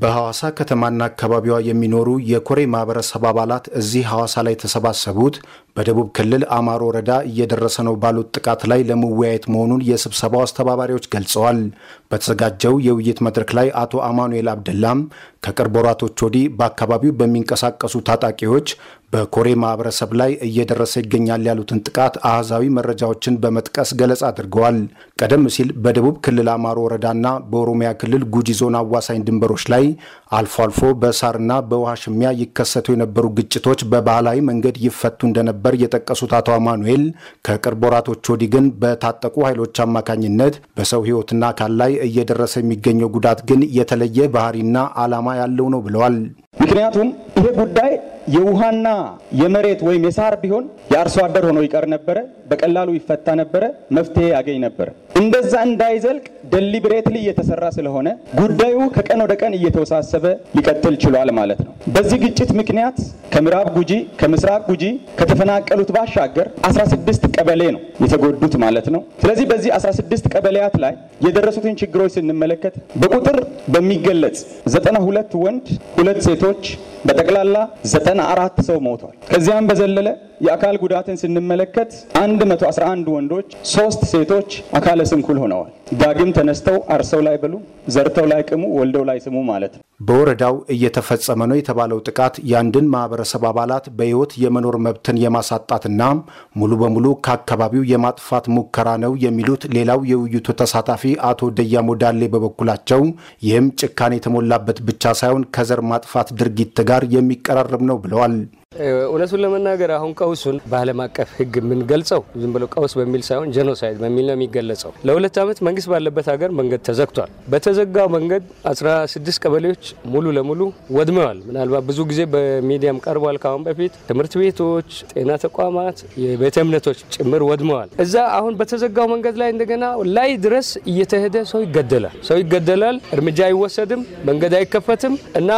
በሐዋሳ ከተማና አካባቢዋ የሚኖሩ የኮሬ ማህበረሰብ አባላት እዚህ ሐዋሳ ላይ የተሰባሰቡት በደቡብ ክልል አማሮ ወረዳ እየደረሰ ነው ባሉት ጥቃት ላይ ለመወያየት መሆኑን የስብሰባው አስተባባሪዎች ገልጸዋል። በተዘጋጀው የውይይት መድረክ ላይ አቶ አማኑኤል አብደላም ከቅርብ ወራቶች ወዲህ በአካባቢው በሚንቀሳቀሱ ታጣቂዎች በኮሬ ማህበረሰብ ላይ እየደረሰ ይገኛል ያሉትን ጥቃት አህዛዊ መረጃዎችን በመጥቀስ ገለጻ አድርገዋል። ቀደም ሲል በደቡብ ክልል አማሮ ወረዳና በኦሮሚያ ክልል ጉጂ ዞን አዋሳኝ ድንበሮች ላይ አልፎ አልፎ በሳርና በውሃ ሽሚያ ይከሰቱ የነበሩ ግጭቶች በባህላዊ መንገድ ይፈቱ እንደነበር የጠቀሱት አቶ አማኑኤል ከቅርብ ወራቶች ወዲህ ግን በታጠቁ ኃይሎች አማካኝነት በሰው ሕይወትና አካል ላይ እየደረሰ የሚገኘው ጉዳት ግን የተለየ ባህሪና ዓላማ ያለው ነው ብለዋል። ምክንያቱም ይሄ ጉዳይ የውሃና የመሬት ወይም የሳር ቢሆን የአርሶ አደር ሆኖ ይቀር ነበረ፣ በቀላሉ ይፈታ ነበረ፣ መፍትሄ ያገኝ ነበረ። እንደዛ እንዳይዘልቅ ደሊብሬትሊ እየተሰራ ስለሆነ ጉዳዩ ከቀን ወደ ቀን እየተወሳሰበ ሊቀጥል ችሏል ማለት ነው። በዚህ ግጭት ምክንያት ከምዕራብ ጉጂ፣ ከምስራቅ ጉጂ ከተፈናቀሉት ባሻገር 16 ቀበሌ ነው የተጎዱት ማለት ነው። ስለዚህ በዚህ 16 ቀበሌያት ላይ የደረሱትን ችግሮች ስንመለከት በቁጥር በሚገለጽ 92 ወንድ፣ ሁለት ሴቶች በጠቅላላ ዘጠና አራት ሰው ሞቷል። ከዚያም በዘለለ የአካል ጉዳትን ስንመለከት 111 ወንዶች፣ ሶስት ሴቶች አካለ ስንኩል ሆነዋል። ዳግም ተነስተው አርሰው ላይ ብሉ፣ ዘርተው ላይ ቅሙ፣ ወልደው ላይ ስሙ ማለት ነው። በወረዳው እየተፈጸመ ነው የተባለው ጥቃት የአንድን ማህበረሰብ አባላት በሕይወት የመኖር መብትን የማሳጣትና ሙሉ በሙሉ ከአካባቢው የማጥፋት ሙከራ ነው የሚሉት ሌላው የውይይቱ ተሳታፊ አቶ ደያሞ ዳሌ በበኩላቸው ይህም ጭካኔ የተሞላበት ብቻ ሳይሆን ከዘር ማጥፋት ድርጊት ጋር ጋር የሚቀራረብ ነው ብለዋል። እውነቱን ለመናገር አሁን ቀውሱን በዓለም አቀፍ ሕግ የምንገልጸው ዝም ብሎ ቀውስ በሚል ሳይሆን ጀኖሳይድ በሚል ነው የሚገለጸው። ለሁለት ዓመት መንግስት ባለበት ሀገር መንገድ ተዘግቷል። በተዘጋው መንገድ 16 ቀበሌዎች ሙሉ ለሙሉ ወድመዋል። ምናልባት ብዙ ጊዜ በሚዲያም ቀርቧል ከአሁን በፊት ትምህርት ቤቶች፣ ጤና ተቋማት፣ የቤተ እምነቶች ጭምር ወድመዋል። እዛ አሁን በተዘጋው መንገድ ላይ እንደገና ላይ ድረስ እየተሄደ ሰው ይገደላል። ሰው ይገደላል። እርምጃ አይወሰድም። መንገድ አይከፈትም እና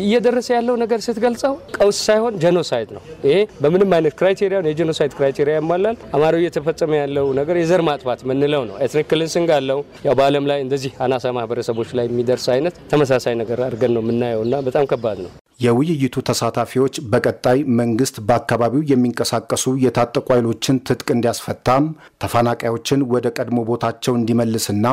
እየደረሰ ያለው ነገር ስትገልጸው ቀውስ ሳይሆን ጀኖሳይድ ነው። ይሄ በምንም አይነት ክራይቴሪያ የጀኖሳይድ ክራይቴሪያ ያሟላል። አማራው እየተፈጸመ ያለው ነገር የዘር ማጥፋት ምንለው ነው። ኤትኒክ ክሊንሲንግ አለው። ያው በዓለም ላይ እንደዚህ አናሳ ማህበረሰቦች ላይ የሚደርስ አይነት ተመሳሳይ ነገር አድርገን ነው የምናየው እና በጣም ከባድ ነው። የውይይቱ ተሳታፊዎች በቀጣይ መንግስት በአካባቢው የሚንቀሳቀሱ የታጠቁ ኃይሎችን ትጥቅ እንዲያስፈታም፣ ተፈናቃዮችን ወደ ቀድሞ ቦታቸው እንዲመልስና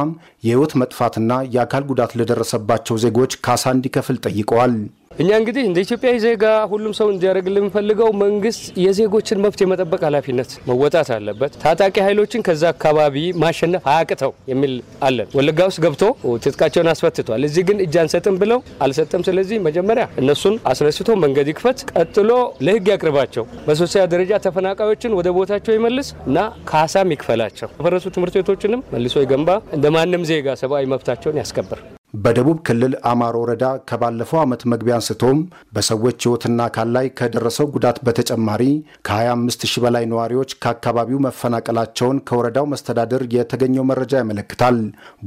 የህይወት መጥፋትና የአካል ጉዳት ለደረሰባቸው ዜጎች ካሳ እንዲከፍል ጠይቀዋል። እኛ እንግዲህ እንደ ኢትዮጵያ ዜጋ ሁሉም ሰው እንዲያደርግልን የምፈልገው መንግስት የዜጎችን መብት የመጠበቅ ኃላፊነት መወጣት አለበት። ታጣቂ ኃይሎችን ከዛ አካባቢ ማሸነፍ አያቅተው የሚል አለን። ወለጋ ውስጥ ገብቶ ትጥቃቸውን አስፈትቷል። እዚህ ግን እጅ አንሰጥም ብለው አልሰጥም። ስለዚህ መጀመሪያ እነሱን አስነስቶ መንገድ ይክፈት፣ ቀጥሎ ለህግ ያቅርባቸው፣ በሶስተኛ ደረጃ ተፈናቃዮችን ወደ ቦታቸው ይመልስ እና ካሳም ይክፈላቸው። የፈረሱ ትምህርት ቤቶችንም መልሶ ይገንባ። እንደ ማንም ዜጋ ሰብአዊ መብታቸውን ያስከብር። በደቡብ ክልል አማሮ ወረዳ ከባለፈው ዓመት መግቢያ አንስቶም በሰዎች ሕይወትና አካል ላይ ከደረሰው ጉዳት በተጨማሪ ከ25 ሺህ በላይ ነዋሪዎች ከአካባቢው መፈናቀላቸውን ከወረዳው መስተዳድር የተገኘው መረጃ ያመለክታል።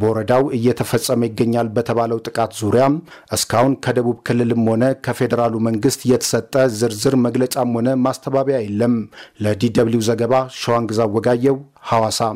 በወረዳው እየተፈጸመ ይገኛል በተባለው ጥቃት ዙሪያም እስካሁን ከደቡብ ክልልም ሆነ ከፌዴራሉ መንግስት የተሰጠ ዝርዝር መግለጫም ሆነ ማስተባበያ የለም። ለዲ ደብልዩ ዘገባ ሸዋንግዛ ወጋየው ሐዋሳ